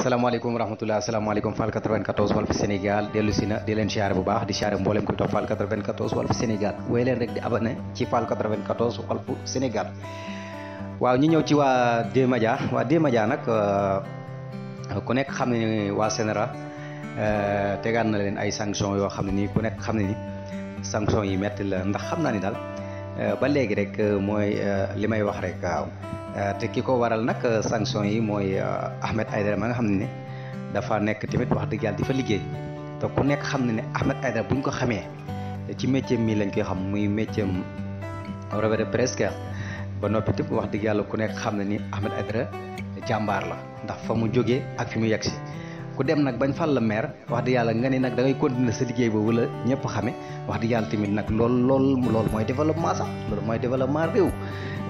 salaamaaleykum rahmatulah salaamaaleykum Fall 94 Walf Sénégal dellu si na di leen siyaare bu baax di siyaare mboolem kuy topp Fall 94 Walf Sénégal wéy leen rek di abonné ci Fall 94 Walf Sénégal waaw ñu ñëw ci waa D-Media waa D-Media nag euh, ku nekk xam ne ni waa CNRA euh, tegaan na leen ay sanction yoo xam ne nii ku nekk xam ne ni sanction yi metti la ndax xam naa ni daal Euh, ba léegi rek euh, mooy euh, li may wax rek waaw te ki ko waral nag sanction yi mooy Ahmed Aïdara ma nga xam ne dafa nekk tamit wax dëgg di fa liggéey te ku nekk xam ne ne Ahmed Aïdara buñ ko xamee ci métier mii lañ koy xam muy métier revue de presse ba noppi tamit wax dëgg yàlla ku nekk xam ne ni Ahmed Aïdara jàmbaar la ndax fa mu jógee ak fi mu yegg si ku dem nag bañ fal la meer wax dëgg yàlla nga ne nag da ngay continuer sa liggéey boobu la ñëpp xame wax dëgg yàlla tamit nag lool lool mooy développement sax loolu mooy développement réew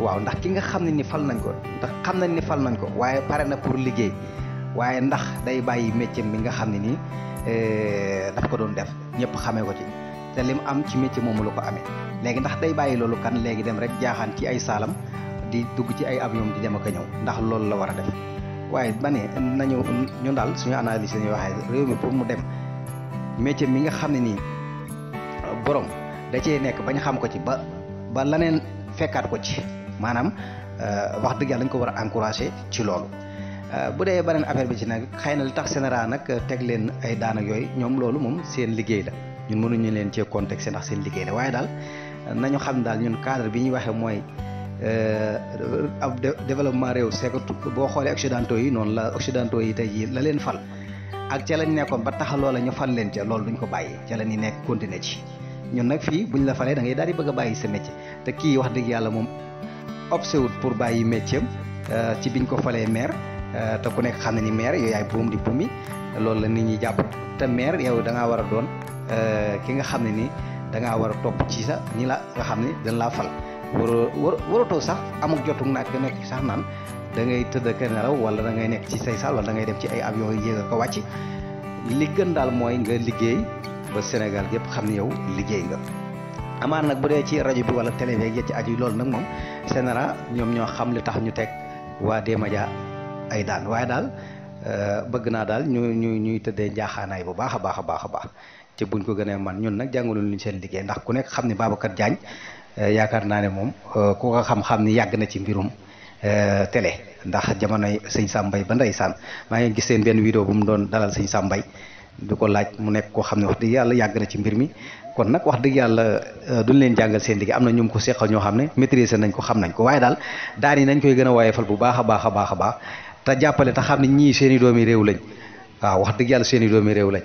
waaw ndax ki nga xam ne ni fal nañ ko ndax xam nañ ni fal nañ ko waaye pare na pour liggéey waaye ndax day bàyyi métier mi nga xam ne nii eh, daf ko doon def ñëpp xamee ko ci te lim am ci métier moomu la ko amee léegi ndax day bàyyi loolu kan léegi dem rek jaaxaan ci ay saalam di dugg ci ay avion di dem a ñëw ndax loolu la war a waaye ma ne nañu ñun daal suñu analyse dañuy waxee réew mi pour mu dem métier mi nga xam ne nii borom da cee nekk bañ xam ko ci ba ba laneen fekkaat ko ci maanaam euh, wax dëgg yàlla ko war a encouragé ci loolu. Euh, bu dee beneen affaire bi ci nag xëy na li tax général nag teg leen ay daan ak yooyu ñoom loolu moom seen liggéey la ñun mënuñu leen cee contexte ndax seen liggéey la waaye daal nañu xam daal ñun cadre bi ñuy waxee mooy. Euh, ab développement réew c'est que boo xoolee occidentaux yi noonu la occidentaux yi tey jii la leen fal ak ca lañ nekkoon ba tax loola ñu fal leen ca loolu duñ ko bàyyi ca la ñuy nekk continuer ci ñun nag fii buñ la falee dangay ngay daal di bëgg a bàyyi sa métier te kii wax digg yàlla moom opté wut pour bàyyi métier euh, ci biñ ko falee maire euh, te ku nekk xam ne ni maire yooyu yaay buum di buumi loolu la nit ñi jàpp te maire yow da ngaa war a doon ki nga xam ne ni da ngaa war a topp ci sa ñi la xam ne dañ laa fal. war waratoo sax amuk jotuk naaj nga nekk sax naan da ngay tëdd ak nelaw wala da ngay nekk ci say saal wala da ngay dem ci ay avion yi yéeg ko wàcc li gën daal mooy nga liggéey ba Sénégal gépp xam ne yow liggéey nga. amaan nag bu dee ci rajo bi wala télé bi ak ci aju loolu nag moom Sénégal ñoom ñoo xam li tax ñu teg waa D-Media ay daan waaye daal euh, bëgg naa daal ñu ñu ñuy tëddee njaaxaanaay bu baax a baax a baax a baax te buñ ko gënee man ñun nag jàngaluñu seen liggéey ndax ku nekk xam ne Babacar Diagne. yaakaar naa ne moom euh, ku ko xam-xam ni yàgg na ci mbirum euh, tele ndax jamonoy sëñ Sambay ba ndeysaan maa ngi gis seen benn vidéo bu mu doon dalal sëñ Sambay du ko laaj mu nekk koo xam ne wax yàlla yàgg na ci mbir mi kon nag wax dëgg yàlla euh, duñ leen jàngal seen liggéey am na ñum ko seqal ñoo xam ne maîtriser nañ ko xam nañ ko waaye daal daan yi nañ koy gën a fal bu baax a baax a baax a baax te jàppale te xam ne ñii seen i doomi réew lañ waaw wax dëgg yàlla seen i doomi réew lañ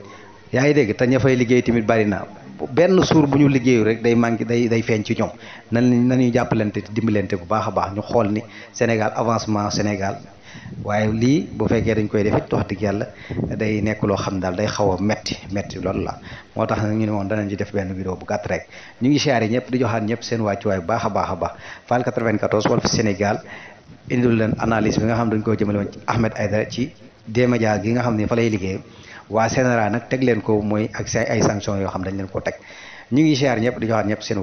yaa ngi dégg te ña fay liggéey tamit bari na benn suur bu ñu liggéeyu rek day manqué day day feeñ ci ñoom na nañuy jàppalante dimbalante bu baax a baax ñu xool ni Sénégal avancement Sénégal waaye lii bu fekkee dañ koy def it wax day nekk loo xam daal day xaw a metti metti loolu la moo tax nag ñu ne woon danañ ci def benn vidéo bu gàtt rek ñu ngi siyaare ñëpp di joxaat ñëpp seen wàccuwaay bu baax a baax a baax Fall Sénégal indil leen analyse bi nga xam dañ ko jëmale woon ci Ahmed Aidara ci D-Media gi nga xam ne fa lay liggéey waa CNRA nag teg leen ko mooy ak say ay sanctions yoo xam dañ leen ko teg ñu ngi siyaar ñëpp di joxaat ñëpp seen